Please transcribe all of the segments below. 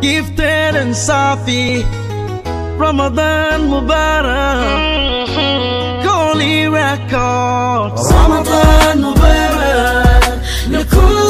gifted and Safi. Ramadan Mubarak, Holy Records. Ramadan Mubarak,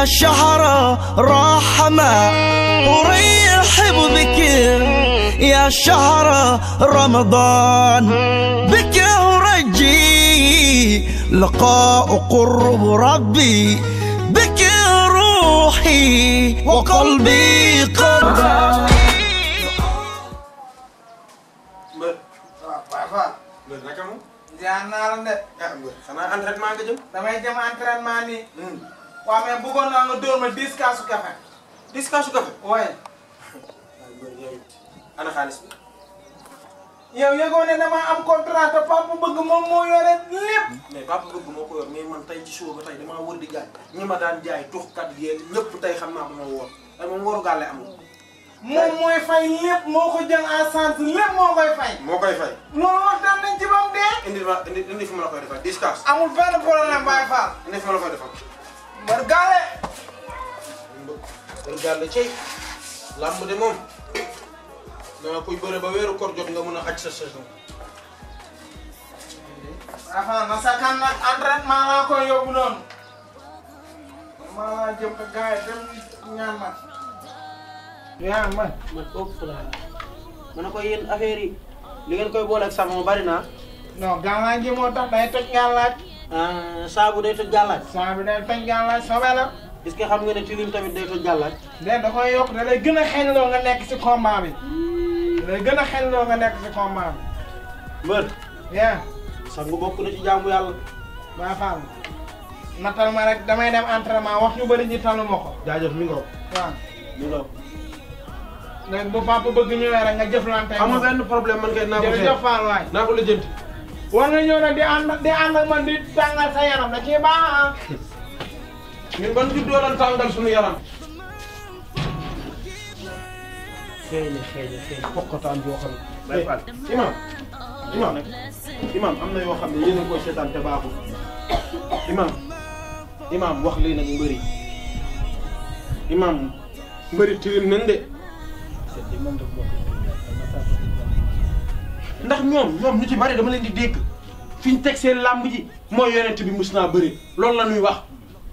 يا شهرة رحمة وريح بك يا شهر رمضان بك ورجي لقاء قرب ربي بك روحي وقلبي قرب Jangan nak anda. Ya, karena antren mana jom? Tapi jom antren mana? waaw mais bëggoon naa nga dóor ma dix kaasu café. dix kaasu café. waaye. ana xaalis bi. yow yëgoo ne damaa am contrat te papa bëgg moom moo yore lépp. mais papa bëgg moo ko yor mais man tey ci suba ba tey damaa wër di jaay ñi ma daan jaay tuxkat yeeg ñëpp tey xam naa dama woor tey moom wóoru gàlle amul. moom mooy fay lépp moo ko jël en sant lépp moo koy fay. moo koy fay. loolu waxtaan nañ ci ba dee. indi ma indi indi fi ma la koy defal discuss. amul benn problème Baye Bargaale Bargaale cey lamb de mom. dama koy beure ba wéru kor jot nga mëna a xaj sa saison Rafa na sa kan nag ma la koy yóbbu non ma la jëm ka gaay dem ñaan ma ñaan ma ma top laa man ko yeen affaire yi li ngeen koy bol ak sama bari na non gaamaa ngi mo tax day e toj ñaan Euh, saabu day toj gàllaaj saabu day toj gàllaaj soobee la est-ce que xam nga ne tilim tamit day toj gàllaaj de da koy yokk da lay gën a xeliloo nga nekk si combat bi da lay gën a xeliloo nga nekk si combat bi mbër bien sangu bokk na ci jaamu yàlla baa faam nattal ma rek damay dem entraînement wax ñu bëri ñu talu ma ko mi ngoog waaw mi ngoog léegi bu papa bëgg ñëwee rek nga jëflante amul benn problème man kay naa ko jëf faal waay naa ko lijjanti wala ñoo na di ànd di ànd ak man di tàngal sa yaram da ci baax ñun ban juddoo lan tàngal suñu yaram xëy na xëy na xëy na pokkataan yoo xam imam imam imam imam am na yoo xam ne yéen a koy seetaan te baaxul imam imam wax lii nag mbëri imam mbëri tilim nañ de imam daf bokk ndax ñom ñom ñu ci bari dama leen di dégg fiñ tek seen lamb ji mooy yonent bi musna naa lool la nuy wax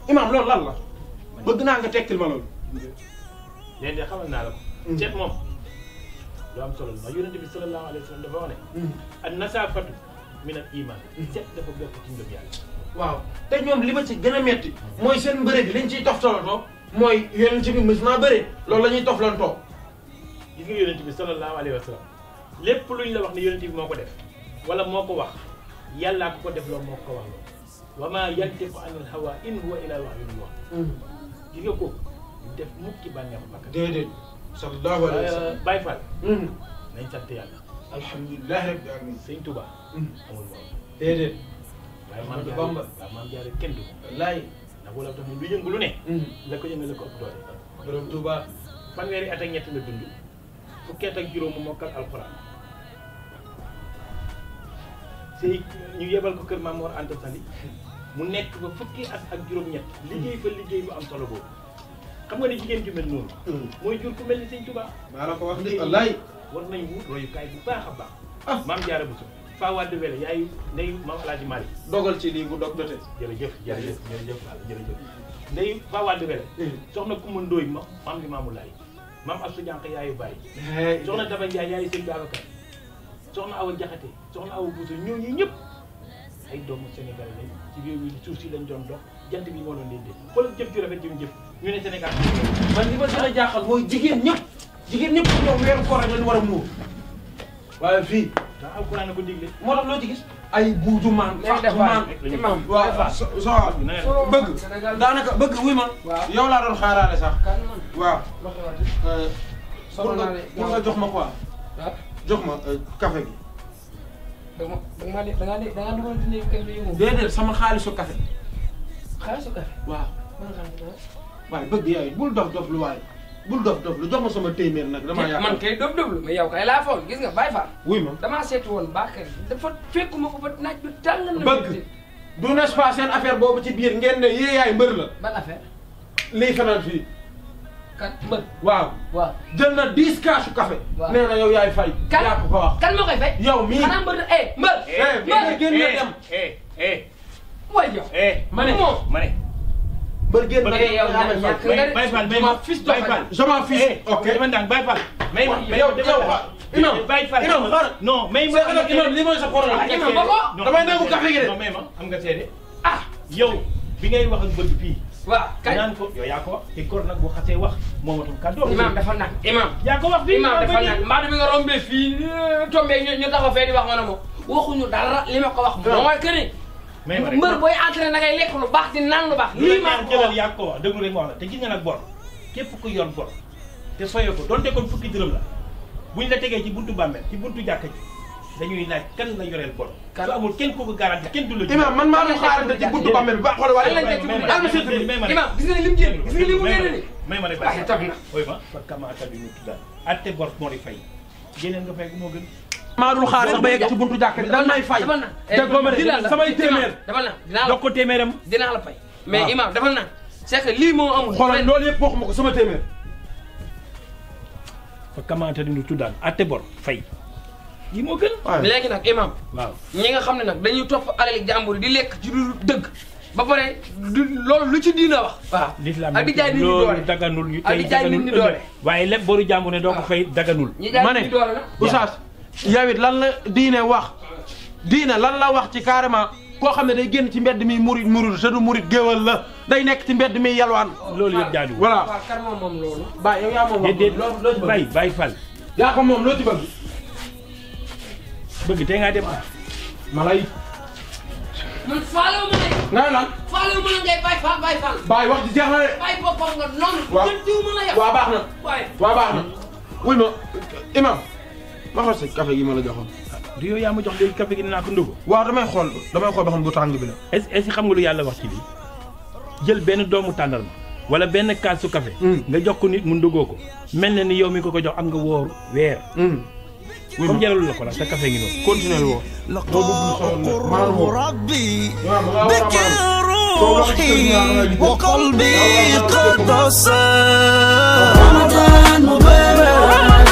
imam lool lan la bëgg na nga tekkil ma lool leen di xamal na la ko. Mm. ceeb mom do am solo la yonent bi sallallahu alayhi wasallam dafa wax ne. Mm. an nasafatu min al iman. ceeb dafa bokk ci ngëm yalla waaw te ñom li ma ci gëna metti moy seen bëre bi liñ ciy toftalantoo moy yonent bi musna naa lool loolu la ñuy toftantoo. gis nga yonent bi sallallahu alayhi wasallam lépp lu ñu la wax ne yonent bi moo ko def wala moo ko wax yàllaa ko ko def loolu moo ko wax loolu wa maa yantiqu anil hawa in huwa illaa wahyun yuuhaa hmm. gis nga ko def mukki bànneexu bakkan déedéet sallallahu alayhi wa sallam euh, Baye Fall hmm. nañ sant yàlla alhamdulilah rabbil alamin sëñ Touba hmm. amul moom déedéet waaye maam jaare waaye maam jaare kenn du wallaay ndax wala tax lu yëngu lu ne la ko yëngal la ko ëpp doole borom Touba fanweeri at ak ñett la dund fukkeet ak juróom mu mokkal alxuraan sëy ñu yebal ko kër Maam Mor Anta Sali mu nekk ba fukki at ak juróom liggéey fa liggéey bu am solo boobu xam nga ne jigéen ju mel noonu hmm. mooy jur ku mel ni sëñ Tuubaa maa la ko wax de nañ wut royukaay bu baax a baax ah. maam jaara bu suf faa wàdd wele yaayu nday maam alaaji dogal ci lii bu dog dote jërëjëf jërëjëf jërëjëf jërëjëf nday faa wàdd wele hmm. soxna Kumba Ndooy ma maam li maamu laay maam Assa Diank yaayu Baye. soxna Daba Ndiaye yaayu Sëñ Babacar soxna Awa Diakhaté soxna Awa Bousso ñooñu ñëpp ay doomu Sénégal lañ ci réew yi suuf si lañ doon dox jant bi moo doon leen dee xoolal jëf ju rafet jëm jëf ñu ne Sénégal man li ma gën a jaaxal mooy jigéen ñëpp jigéen ñëpp ñoom weeru koor rek lañ war a muur waaye fii. waaw alxuraan ko digle. loo ci gis. ay buutu maam. fàq maam bëgg. daanaka bëgg wuy ma. yow laa doon xaaraale sax. waaw. Euh, pour nga jox ma quoi. jox ma euh, café bi. dama dama da ngaa da ngaa dugal dinañ café yi moom. déedéet sama xaalisu café. xaalisu café. waaw. bëgg yaay bul dof dof lu waay. bul dof dof lu jox ma sama téeméer nag. damaa yaakaar man kay dof dof lu mais yow kay laa foon gis nga Baye Fall. wuy ma damaa seeti woon Bakary dafa fekkuma ko ba naaj bi tàng na. bëgg du n'est-ce seen affaire boobu ci biir ngeen ne yee yaay mbër la. ban affaire. lii fanaan fii. kat mbër. waaw jël na dix kaasu café. nee na yow yaay fay. kan yaa ko ko wax kan moo koy fay. yow mii xanaa mbër eh mbër. Eh, mbër génn na dem. eh eh. mooy eh, eh. yow. eh ma ne ma ne. bër génn da ngay ma fiche je m'en fiche ok Baye Fall mais yow imam eh, imam non mais imam li mooy sa problème ah, imam bako damay nangu café gi de non mais ma am nga seede ah yow bi ngay wax ak bër fii waaw kay naan ko yow yaa ko wax te góor nag bu xasee wax moomatul kàddu imam dafa nag imam yaa ko wax fii imam dafa nag mbaa bi nga rombee fii eh, tombee ñu taxaw fee di wax ma ne ma waxuñu dara li ma ko wax mooy que ni mbër booy entraîné na ngay lekk lu baax di naan lu tegee ci buntu bàmmeel ci buntu jàkk ji dañuy laaj kan la yoreel bor. kan ko garanti kenn du la. imam man maa doon xaarante ci buntu bàmmeel bi ba xool gis nga lim jéem gis nga lim mu génn ni. may ma rek bàyyi tax na. ooy ma fa kama mu tuddaal atte bor moo di fay yeneen nga fay moo gën maa dul sax ba yegg ci buntu jàkk bi dal may fay. déggoo ma de samay téeméer. dog ko téeméeram. dinaa la fay mais ah. Imaam defal naa c'est que lii moo amul. xoolal loolu yëpp waxuma ko sama téeméer. fa commenté nañu tuddaan ate bor fay. yi moo gën. léegi nag Imaam. waaw ñi nga xam ne nag dañuy topp alali jàmbur di lekk ci lu dëgg. ba pare du loolu lu ci diin diina wax. waaw ak di jaay nit ñi doole loolu daganul ñu tey daganul waaye lépp boru jàmbur ne doo ko ah. fay daganul. ma ne yow it lan la diine wax diine lan la wax ci carrément koo xam ne day génn ci mbedd mi murit murit te du murit la day nekk ci mbedd mi yalwaan. loolu yëpp jaaduwul voilà. waaw kan loo ci bëgg bay bay fal. yaa ko moom loo ci bëgg. bëgg tey ngaa dem malay man faalewu ma ne. nga ne lan. faalewu ma ne bay fal bay fal. bay wax ji jeex na de. bay boppam nga noonu. waaw man jiw baax na. waaye waaw baax na. ma xool si café gi ma la joxoon. du yow yaa ma jox léegi café gi dinaa ko ndóobo. waaw damay xool damay xool ba xam bu tàng bi la. est ce xam nga lu yàlla wax ci lii jël benn doomu tàndarma wala benn kaasu café. Hmm. nga jox ko nit mu ndogoo ko. mel na ni yow mi ko ko jox am nga woor weer. Hmm. comme jaralu la ko la sa café ko noonu. continué woor. loolu rabbi bika ruuxi wa qalbi qadasa ramadan mubarak